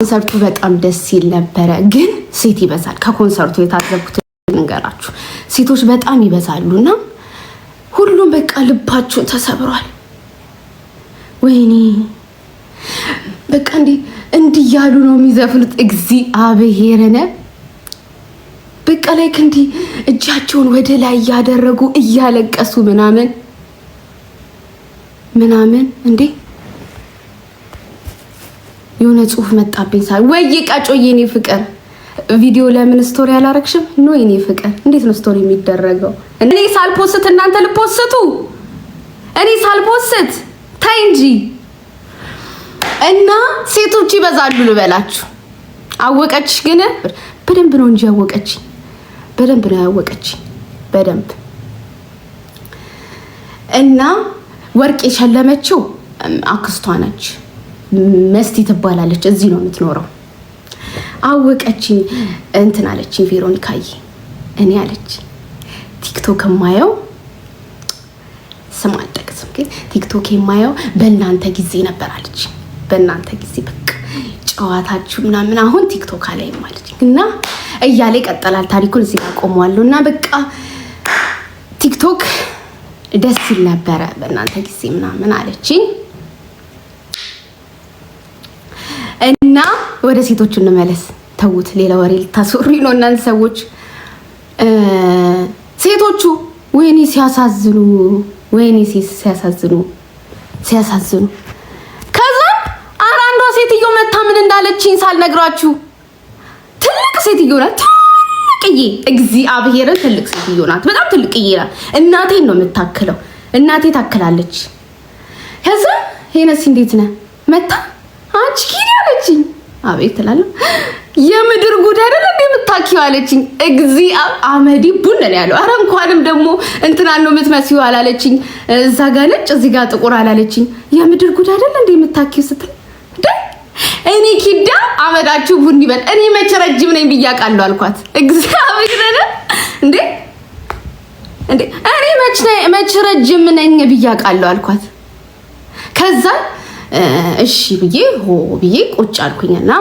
ኮንሰርቱ በጣም ደስ ሲል ነበረ፣ ግን ሴት ይበዛል። ከኮንሰርቱ የታዘብኩት ነገራችሁ ሴቶች በጣም ይበዛሉ እና ሁሉም በቃ ልባችሁ ተሰብሯል። ወይኔ በቃ እንዲ እንዲህ ያሉ ነው የሚዘፍኑት። እግዚአብሔርን በቃ ላይክ እንዲህ እጃቸውን ወደ ላይ እያደረጉ እያለቀሱ ምናምን ምናምን እንዴ የሆነ ጽሁፍ መጣብኝ ሳይ ወይ ቀጮ የኔ ፍቅር ቪዲዮ ለምን ስቶሪ አላረግሽም? ኖ የኔ ፍቅር እንዴት ነው ስቶሪ የሚደረገው? እኔ ሳልፖስት እናንተ ልፖስቱ? እኔ ሳልፖስት ተይ እንጂ። እና ሴቶች ይበዛሉ ልበላችሁ። አወቀች ግን በደንብ ነው እንጂ ያወቀች በደንብ ነው ያወቀች በደንብ እና ወርቅ የሸለመችው አክስቷ ነች። መስቲ ትባላለች። እዚህ ነው የምትኖረው። አወቀችኝ እንትን አለችኝ። ቬሮኒካዬ እኔ አለች ቲክቶክ የማየው ስም አልጠቅስም፣ ግን ቲክቶክ የማየው በእናንተ ጊዜ ነበር አለች። በእናንተ ጊዜ በቃ ጨዋታችሁ ምናምን፣ አሁን ቲክቶክ አላይም አለች እና እያለ ይቀጥላል ታሪኩን። እዚህ ጋር ቆመዋለሁ እና በቃ ቲክቶክ ደስ ይል ነበረ በእናንተ ጊዜ ምናምን አለችኝ። እና ወደ ሴቶቹ እንመለስ። ተውት፣ ሌላ ወሬ ልታስወሪ ነው እናንተ ሰዎች። ሴቶቹ ወይኔ ሲያሳዝኑ፣ ወይኔ ሲያሳዝኑ፣ ሲያሳዝኑ። ከዛ ኧረ አንዷ ሴትዮ መታ ምን እንዳለችኝ ሳልነግራችሁ ትልቅ ሴትዮ ናት። ትልቅዬ እግዚአብሔርን ትልቅ ሴትዮ ናት። በጣም ትልቅዬ ናት። እናቴን ነው የምታክለው። እናቴ ታክላለች። ከዛ ሄነስ እንዴት ነህ መታ አቤት ትላለህ። የምድር ጉድ አይደል እንዴ የምታኪው አለችኝ። እግዚ አመዲ ቡን ነው ያለው። አረ እንኳንም ደግሞ እንትናን ነው የምትመስይው አላለችኝ። እዛ ጋር ነጭ፣ እዚህ ጋር ጥቁር አላለችኝ። የምድር ጉድ አይደል እንዴ የምታኪው ስትል እኔ ኪዳ አመዳችሁ ቡን ይበል። እኔ መቼ ረጅም ነኝ ብዬ አውቃለሁ አልኳት። እግዚአብሔር እንዴ እንዴ እኔ መቼ ረጅም ነኝ ብዬ አውቃለሁ አልኳት ከዛ እሺ ብዬ ሆ ብዬ ቁጭ አልኩኝና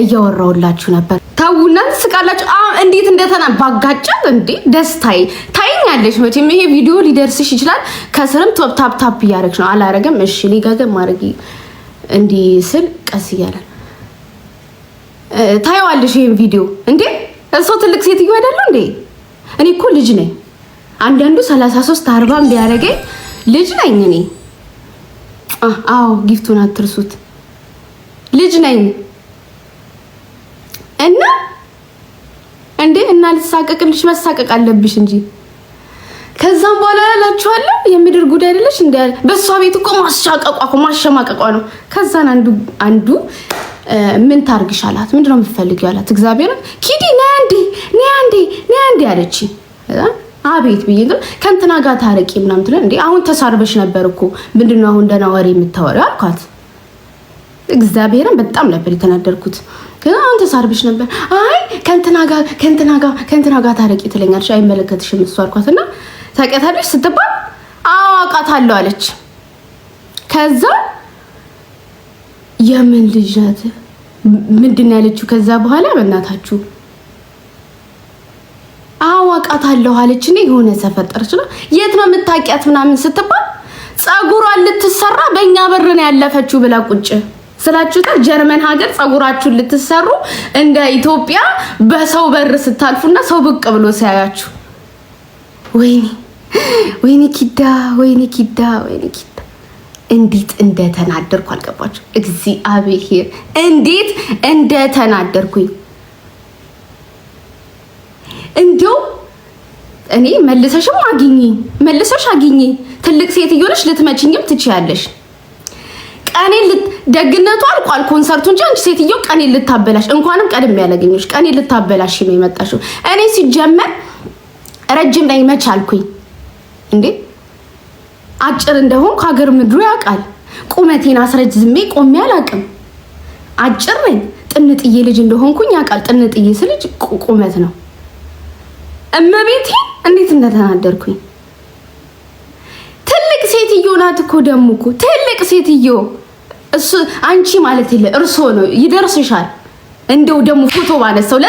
እያወራውላችሁ ነበር። ታውና ትስቃላችሁ። እንዴት እንደተና ባጋጫት እንዴ ደስታዬ ታይኛለሽ። መቼም ይሄ ቪዲዮ ሊደርስሽ ይችላል። ከስርም ቶፕ ታፕ ታፕ እያደረግሽ ነው። አላረገም። እሺ ሊጋገም ማድረግ እንዲህ ስል ቀስ እያለን ታየዋለሽ። ይሄን ቪዲዮ እንዴ እሷ ትልቅ ሴትዮ አይደለ እንዴ? እኔ እኮ ልጅ ነኝ። አንዳንዱ 33 40 ቢያደርገኝ ልጅ ነኝ እኔ አዎ ጊፍቱን አትርሱት። ልጅ ነኝ እና እንዴ እና ልሳቀቅልሽ መሳቀቅ አለብሽ እንጂ ከዛም በኋላ ያላችኋለሁ የምድር ጉዳይ አይደለሽ እንደ በእሷ ቤት እኮ ማሻቀቋ ማሸማቀቋ ነው። ከዛን አንዱ አንዱ ምን ታርግሽ አላት። ምንድነው የምትፈልጊው አላት። እግዚአብሔር ኪዲ ነይ አንዴ ነይ አንዴ ነይ አንዴ አለች። አቤት ብዬ ግን ከእንትና ጋር ታረቂ ምናምን ትለ እንዲ አሁን ተሳርበሽ ነበር እኮ ምንድን አሁን ደህና ወሬ የምታወሪው አልኳት። እግዚአብሔርን በጣም ነበር የተናደርኩት። ግን አሁን ተሳርበሽ ነበር። አይ ከእንትና ጋር ከእንትና ጋር ከእንትና ጋር ታረቂ ትለኛለች። አይመለከትሽም እሱ አልኳት። እና ታውቂያታለሽ ስትባል አዎ አውቃታለሁ አለች። ከዛ የምን ልጅ ናት ምንድን ያለችው? ከዛ በኋላ በእናታችሁ አውቃታለሁ አለች። እኔ የሆነ ተፈጠረች ነው የት ነው የምታውቂያት ምናምን ስትባል ፀጉሯን ልትሰራ በእኛ በር ነው ያለፈችው ብላ ቁጭ ስላችሁታል። ጀርመን ሀገር ፀጉራችሁን ልትሰሩ እንደ ኢትዮጵያ በሰው በር ስታልፉና ሰው ብቅ ብሎ ሲያያችሁ ወይኔ ወይኔ ኪዳ ወይኔ ኪዳ ወይኔ ኪዳ እንዴት እንደተናደርኩ አልገባችሁ። እግዚአብሔር እንዴት እንደተናደርኩኝ እንዲያው እኔ መልሰሽም አግኝ መልሰሽ አግኝ ትልቅ ሴት እየሆነሽ ልትመችኝም ትችያለሽ። ቀኔ ደግነቱ አልቋል ኮንሰርቱ እንጂ አንቺ ሴትዮ ቀኔ ልታበላሽ እንኳንም ቀደም ያላገኘሁሽ ቀኔ ልታበላሽ ነው የመጣሽው። እኔ ሲጀመር ረጅም ላይ መች አልኩኝ እንዴ? አጭር እንደሆን ከሀገር ምድሩ ያውቃል። ቁመቴን አስረዝሜ ቆሜ አላውቅም። አጭር ነኝ። ጥንጥዬ ልጅ እንደሆንኩኝ ያውቃል። ጥንጥዬ ስልጅ ቁመት ነው እመቤቴ እንዴት እንደተናደርኩኝ ትልቅ ሴትዮ ናት እኮ ደሞ እኮ ትልቅ ሴትዮ እሱ አንቺ ማለት የለ እርሶ ነው ይደርስሻል። እንደው ደግሞ ፎቶ ባነሳው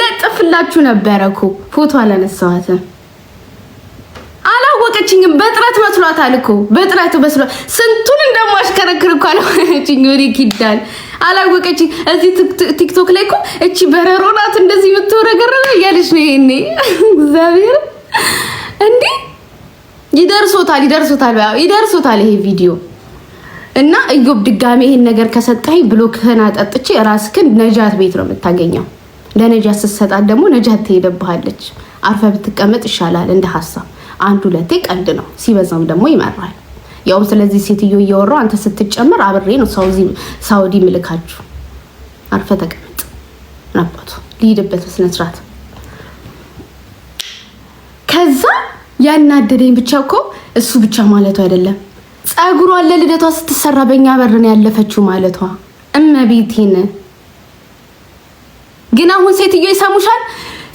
ለጥፍላችሁ ነበረ እኮ ፎቶ አላነሳኋትም። አላወቀችኝም። በጥረት መስሏታል እኮ በጥረት መስሏት ስንቱን እንደማሽከረክር እኮ አላወቀችኝ። ወደ ኪዳል አላወቀችኝ። እዚህ ቲክቶክ ላይ እኮ እቺ በረሮ ናት እንደዚህ የምትወረገረበ እያለች ነው። ይሄኔ እግዚአብሔር እንዴ ይደርሶታል፣ ይደርሶታል፣ ይደርሶታል ይሄ ቪዲዮ እና እዮብ ድጋሜ ይሄን ነገር ከሰጠኝ ብሎክህን አጠጥቼ ራስክን ነጃት ቤት ነው የምታገኘው። ለነጃት ስትሰጣት ደግሞ ነጃት ትሄደብሃለች። አርፈ ብትቀመጥ ይሻላል እንደ ሀሳብ አንድ ሁለቴ ቀልድ ነው፣ ሲበዛም ደግሞ ይመራል። ያውም ስለዚህ ሴትዮ እየወራው አንተ ስትጨምር አብሬ ነው ሳውዲ ምልካችሁ። አርፈ ተቀመጥ ናባቱ ሊሄድበት በስነ ስርዓት። ከዛ ያናደደኝ ብቻ እኮ እሱ ብቻ ማለቷ አይደለም ፀጉሯ ለልደቷ ስትሰራ በእኛ በርን ያለፈችው ማለቷ እመቤቴን ግን አሁን ሴትዮ ይሰሙሻል።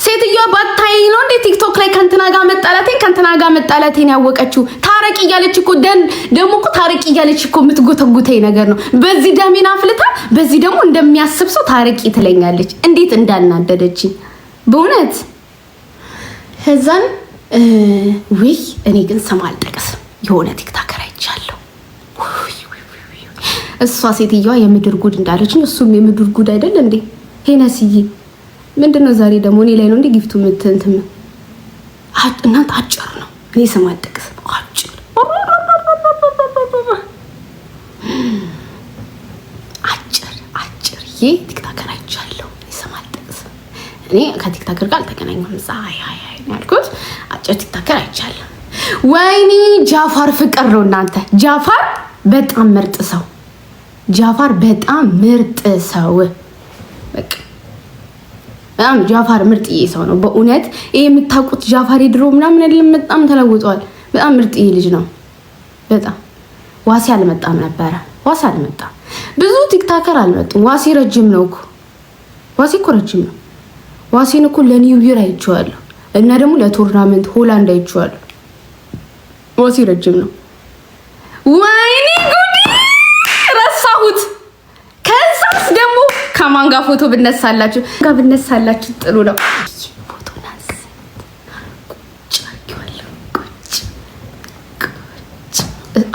ሴትዮዋ ባታይ ነው እንዴ ቲክቶክ ላይ ከንትና ጋር መጣላቴን ከንትና ጋር መጣላቴን ያወቀችው? ታረቂ እያለች እኮ ደን ደግሞ እኮ ታረቂ እያለች እኮ የምትጎተጉተኝ ነገር ነው። በዚህ ደሜን አፍልታ፣ በዚህ ደግሞ እንደሚያስብ ሰው ታረቂ ትለኛለች። እንዴት እንዳናደደች በእውነት ከዛን ውይ እኔ ግን ስም አልጠቅስም የሆነ ቲክታከር አይቻለሁ። እሷ ሴትዮዋ የምድር ጉድ እንዳለች እሱም የምድር ጉድ አይደል እንዴ ሄነስዬ ምንድን ነው ዛሬ ደግሞ እኔ ላይ ነው እንደ ጊፍቱ ምትንትም እናንተ አጭር ነው። እኔ ስም አልጠቅስ አጭር አጭር አጭር ይሄ ቲክታከር አይቻለሁ። እኔ ስም አልጠቅስ እኔ ከቲክታከር ጋር አልተገናኘሁም። እዛ አይ አይ አይ ያልኩት አጭር ቲክታከር አይቻለሁ። ወይኔ ጃፋር ፍቅር ነው እናንተ። ጃፋር በጣም ምርጥ ሰው ጃፋር በጣም ምርጥ ሰው በቃ በጣም ጃፋር ምርጥዬ ሰው ነው በእውነት ይሄ የምታውቁት ጃፋር ድሮ ምናምን አይደለም። በጣም ተለውጧል። በጣም ምርጥዬ ልጅ ነው። በጣም ዋሴ አልመጣም ነበረ። ዋሴ አልመጣም፣ ብዙ ቲክታከር አልመጡም። ዋሴ ረጅም ነው እኮ ዋሴ እኮ ረጅም ነው። ዋሴን እኮ ለኒው ይር አይቼዋለሁ እና ደግሞ ለቶርናመንት ሆላንድ አይቼዋለሁ። ዋሴ ረጅም ነው ወይ ጋር ፎቶ ብነሳላችሁ ጋር ብነሳላችሁ ጥሩ ነው።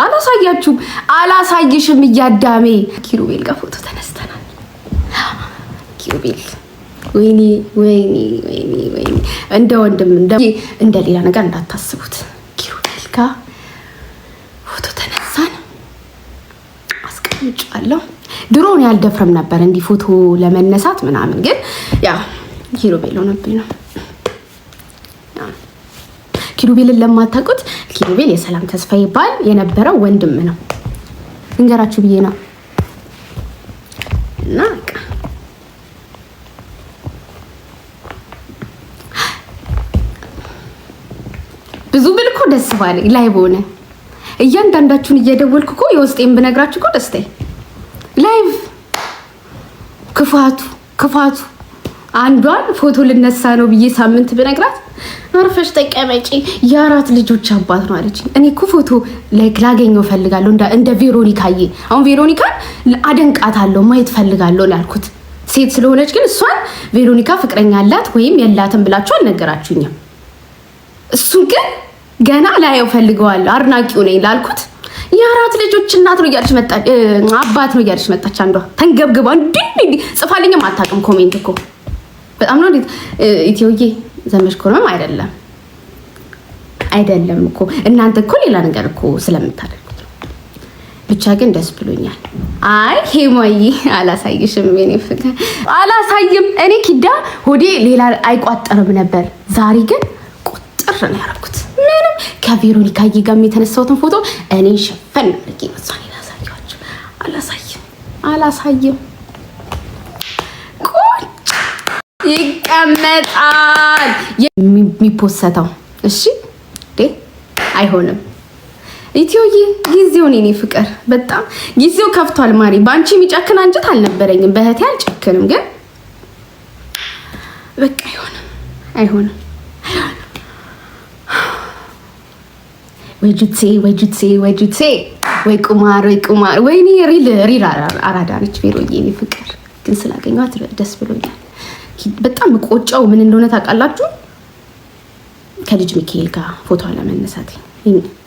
አላሳያችሁም፣ አላሳይሽም እያዳሜ ኪሩቤል ጋር ፎቶ ተነስተናል። ኪሩቤል ወይኔ ወይኔ ወይኔ ወይኔ፣ እንደ ወንድም እንደ እንደ ሌላ ነገር እንዳታስቡት። ኪሩቤል ጋር ፎቶ ተነሳን፣ አስቀምጫለሁ ድሮን ያልደፍርም ነበር እንዲህ ፎቶ ለመነሳት ምናምን፣ ግን ያ ኪሩቤል ሆነብኝ ነው። ኪሩቤልን ለማታውቁት ኪሩቤል የሰላም ተስፋ ይባል የነበረው ወንድም ነው። እንገራችሁ ብዬ ነው እና ብዙ ብልኮ ደስ ባለ ላይ በሆነ እያንዳንዳችሁን እየደወልኩ እኮ የውስጤን ብነግራችሁ እኮ ላይቭ ክፋቱ ክፋቱ አንዷን ፎቶ ልነሳ ነው ብዬ ሳምንት ብነግራት አርፈሽ ተቀመጪ የአራት ልጆች አባት ነው አለች። እኔ እኮ ፎቶ ላይክ ላገኘው ፈልጋለሁ እንደ ቬሮኒካዬ። አሁን ቬሮኒካን አደንቃታለሁ ማየት ፈልጋለሁ ላልኩት ሴት ስለሆነች ግን እሷን ቬሮኒካ ፍቅረኛ አላት ወይም የላትም ብላችሁ አልነገራችሁኝም። እሱን ግን ገና ላየው ፈልገዋለሁ አድናቂው ነኝ ላልኩት የአራት ልጆች እናት ነው እያለች መጣች፣ አባት ነው እያለች መጣች። አንዷ ተንገብግባ እንዲ ጽፋልኝም አታውቅም። ኮሜንት እኮ በጣም ነው እንዴት ኢትዮዬ ዘመድ ኮኖም አይደለም አይደለም እኮ እናንተ እኮ ሌላ ነገር እኮ ስለምታደርጉት ብቻ ግን ደስ ብሎኛል። አይ ሄማይ አላሳይሽም፣ ኔ ፍቅር አላሳይም። እኔ ኪዳ ሆዴ ሌላ አይቋጠርም ነበር ዛሬ ግን አስጠር ነው ያደረኩት። ምንም ከቬሮኒካ ጋም የተነሳሁትን ፎቶ እኔ ሸፈን አድርጌ መሳኔ ላሳያችሁ። አላሳይም አላሳይም። ቁጭ ይቀመጣል የሚፖሰተው። እሺ ዴ አይሆንም። ኢትዮዬ ጊዜውን የኔ ፍቅር በጣም ጊዜው ከፍቷል። ማሪ በአንቺ የሚጨክን አንጀት አልነበረኝም። በእህቴ አልጨክንም፣ ግን በቃ አይሆንም አይሆንም ወጁቴ ወጁቴ ወጁቴ ወይ ቁማር ወይ ቁማር ወይኔ ሪል ሪል አራዳ ነች ቬሮዬ። እኔ ፍቅር ግን ስላገኘኋት ደስ ብሎኛል። በጣም ቆጫው ምን እንደሆነ ታውቃላችሁ? ከልጅ ሚካኤል ጋር ፎቶ ለመነሳት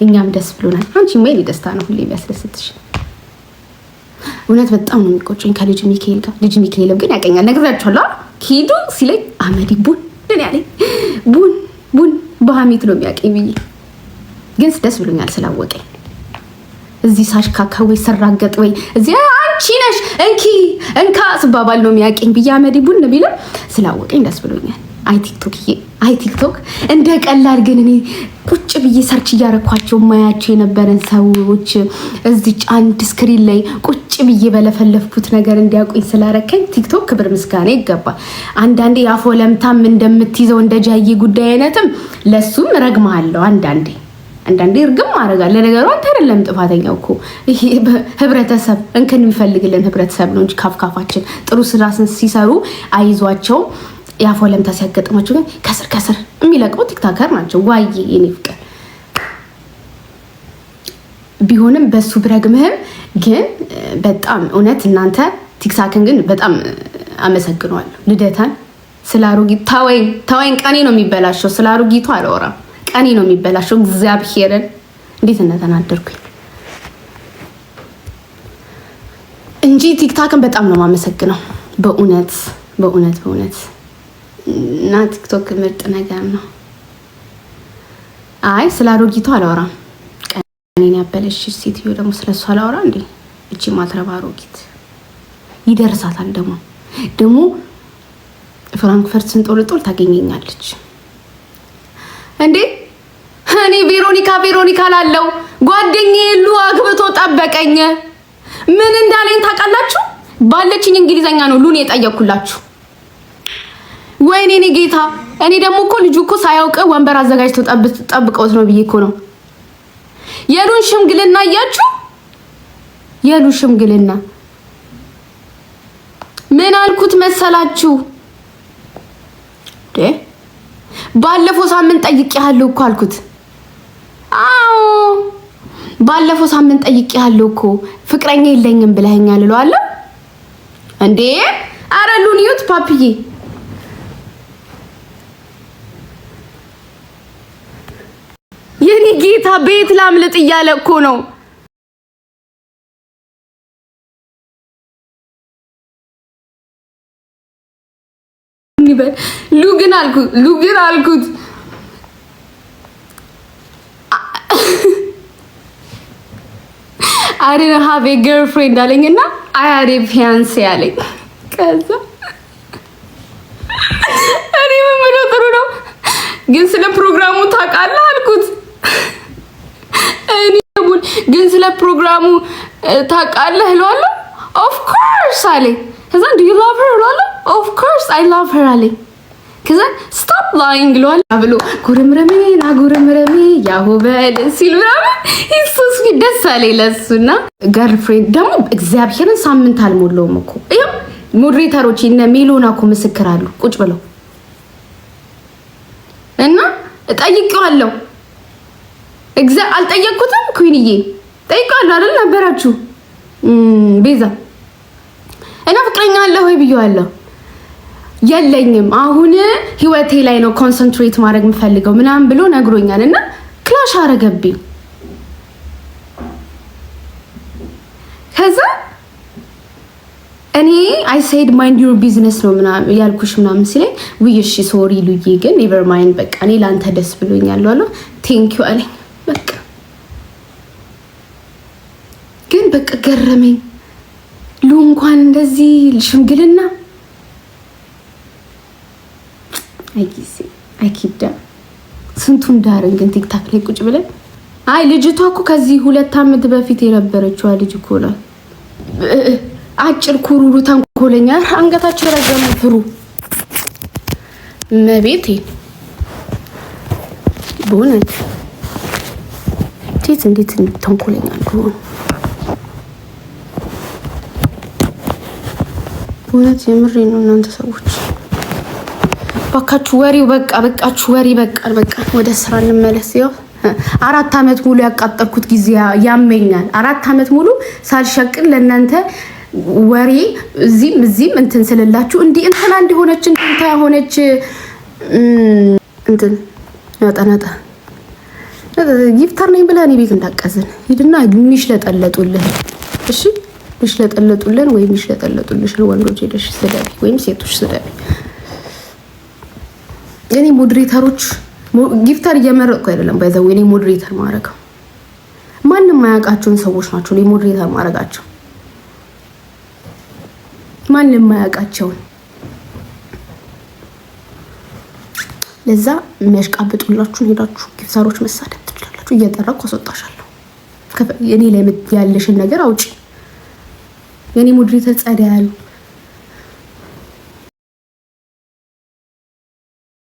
እኛም ደስ ብሎናል። አንቺ ሜል ደስታ ነው ሁሌ የሚያስደስትሽ። እውነት በጣም ነው የሚቆጨኝ ከልጅ ሚካኤል ጋር። ልጅ ሚካኤልም ግን ያቀኛል። ነግራችኋለሁ። ኪዱ ሲለኝ አመዲ ቡን ምን ያለኝ ቡን ቡን በሀሜት ነው የሚያቀኝ ብዬ ግን ደስ ብሎኛል ስላወቀኝ እዚህ ሳሽካካ ወይ ስራገጥ ወይ እዚህ አንቺ ነሽ እንኪ እንካ ስባባል ነው የሚያውቀኝ ብዬ አመዲ ቡን ቢለው ስላወቀኝ ደስ ብሎኛል። አይ ቲክቶክ አይ ቲክቶክ እንደ ቀላል ግን እኔ ቁጭ ብዬ ሰርች እያረኳቸው ማያቸው የነበረን ሰዎች እዚች አንድ ስክሪን ላይ ቁጭ ብዬ በለፈለፍኩት ነገር እንዲያውቁኝ ስላረከኝ ቲክቶክ ክብር ምስጋና ይገባል። አንዳንዴ የአፎ ለምታም እንደምትይዘው እንደ ጃዬ ጉዳይ አይነትም ለሱም ረግማለሁ አንዳንዴ አንዳንዴ እርግም ማድረጋል። ለነገሩ አንተ አይደለም ጥፋተኛው እኮ ህብረተሰብ፣ እንከን የሚፈልግልን ህብረተሰብ ነው እንጂ ካፍካፋችን ጥሩ ስራ ሲሰሩ አይዟቸው የአፏ ለምታ ሲያጋጥማቸው ግን ከስር ከስር የሚለቅሙ ቲክታከር ናቸው። ዋይ የኔ ፍቅር ቢሆንም በሱ ብረግምህም ግን በጣም እውነት እናንተ ቲክታክን ግን በጣም አመሰግነዋለሁ። ልደታን ስለ አሮጊት ተወኝ ተወኝ፣ ቀኔ ነው የሚበላሸው። ስለ አሮጊቱ አላወራም። ቀኔ ነው የሚበላሸው። እግዚአብሔርን እንዴት እንደተናደርኩኝ እንጂ ቲክታክን በጣም ነው የማመሰግነው። በእውነት በእውነት በእውነት እና ቲክቶክ ምርጥ ነገር ነው። አይ ስለ አሮጊቷ አላወራም። ቀኔን ያበለሽ ሴትዮ ደግሞ ስለሷ አላወራ እንዴ! እቺ ማትረባ አሮጊት ይደርሳታል። ደግሞ ደግሞ ፍራንክፈርት ስንጦልጦል ታገኘኛለች እንዴ! እኔ ቬሮኒካ ቬሮኒካ ላለው ጓደኛ ሉ አግብቶ ጠበቀኝ። ምን እንዳለኝ ታውቃላችሁ? ባለችኝ እንግሊዘኛ ነው ሉን የጠየኩላችሁ። ወይኔ እኔ ጌታ፣ እኔ ደግሞ እኮ ልጁ እኮ ሳያውቅ ወንበር አዘጋጅቶ ጠብቀውት ነው ብዬ እኮ ነው። የሉን ሽምግልና እያችሁ የሉ ሽምግልና ምን አልኩት መሰላችሁ? ባለፈው ሳምንት ጠይቄሃለሁ እኮ አልኩት። ባለፈው ሳምንት ጠይቄ ያለው እኮ ፍቅረኛ የለኝም ብለኸኛል እለዋለሁ እንዴ። አረ ሉልዩት ፓፕዬ የኔ ጌታ ቤት ላምልጥ እያለ እኮ ነው። ሉግን አልኩት አልኩት አይ ዶንት ሃቭ ኤ ገርልፍሬንድ አለኝ እና አይ ፊያንሴ አለኝ። ከዛ እኔ ምን ጥሩ ነው ግን ስለ ፕሮግራሙ ታውቃለህ አልኩት። እኔ ግን ስለ ፕሮግራሙ ታውቃለህ እለዋለሁ። ኦፍ ኮርስ አለኝ። ከዛ ዱ ዩ ላቭ ሄር እለዋለሁ። ኦፍ ኮርስ አይ ላቭ ሄር አለኝ። ከዛ ስቶፕ ላይንግ ብለዋል ብሎ ጉርምረሜ ና ጉርምረሜ ያሁ ሲል ምናምን ይሱስ ደስ አለኝ ለሱ እና ገርልፍሬንድ ደግሞ እግዚአብሔርን ሳምንት አልሞላውም እኮ ይኸው ሞዴሬተሮች እነ ሜሎና እኮ ምስክር አሉ ቁጭ ብለው እና ጠይቄዋለሁ። አልጠየቅኩትም ኩንዬ ጠይቄዋለሁ አይደል ነበራችሁ ቤዛ እና ፍቅረኛ አለ ወይ ብዬዋለሁ የለኝም አሁን ህይወቴ ላይ ነው ኮንሰንትሬት ማድረግ የምፈልገው ምናምን ብሎ ነግሮኛል እና ክላሽ አረገብኝ። ከዛ እኔ አይ ሴድ ማይንድ ዩር ቢዝነስ ነው ያልኩሽ ምናምን ሲለኝ ውይ እሺ ሶሪ ሉዬ ግን ኔቨር ማይንድ በቃ እኔ ለአንተ ደስ ብሎኛል አለ። ቴንኪው አለኝ። በቃ ግን በቃ ገረመኝ ሉ እንኳን እንደዚህ ሽምግልና አይ ጊዜ አይ ኪዳም ስንቱን ዳርን ግን ቲክታክ ላይ ቁጭ ብለን አይ ልጅቷ እኮ ከዚህ ሁለት ዓመት በፊት የነበረችዋ ልጅ እኮ ናት። አጭር ኩሩሩ ተንኮለኛ አንገታቸው የረገሙ ፍሩ መቤቴ በእውነት እንዴት እንዴት ተንኮለኛ እንደሆኑ በእውነት የምሬ ነው እናንተ ሰዎች ባካችሁ ወሬው በቃ በቃችሁ፣ ወሬ በቃ በቃ፣ ወደ ስራ እንመለስ። ይኸው አራት አመት ሙሉ ያቃጠልኩት ጊዜ ያመኛል። አራት አመት ሙሉ ሳልሸቅል ለእናንተ ወሬ እዚህም እዚህም እንትን ስልላችሁ እንዲህ እንትና እንዲሆነች እንትንታ ሆነች እንትን ነጣ ነጣ ጊፍታር ነኝ ብላ እኔ ቤት እንዳቀዝን ሂድና ሚሽለጠለጡልን እሺ፣ ሚሽለጠለጡልን ወይም ሚሽለጠለጡልሽን ወንዶች ሄደሽ ስደቢ ወይም ሴቶች ስደቢ። የኔ ሞዴሬተሮች ጊፍተር እየመረጥኩ አይደለም። ባይዘው የኔ ሞዴሬተር ማድረገው ማንም ማያውቃቸውን ሰዎች ናቸው። እኔ ሞዴሬተር ማድረጋቸው ማንም ማያውቃቸውን ለዛ የሚያሽቃብጡላችሁ ሄዳችሁ ጊፍተሮች መሳደብ ትችላላችሁ። እየጠረኩ አስወጣሻለሁ። እኔ ላይ ያለሽን ነገር አውጪ። የኔ ሞዴሬተር ጸዳ ያሉ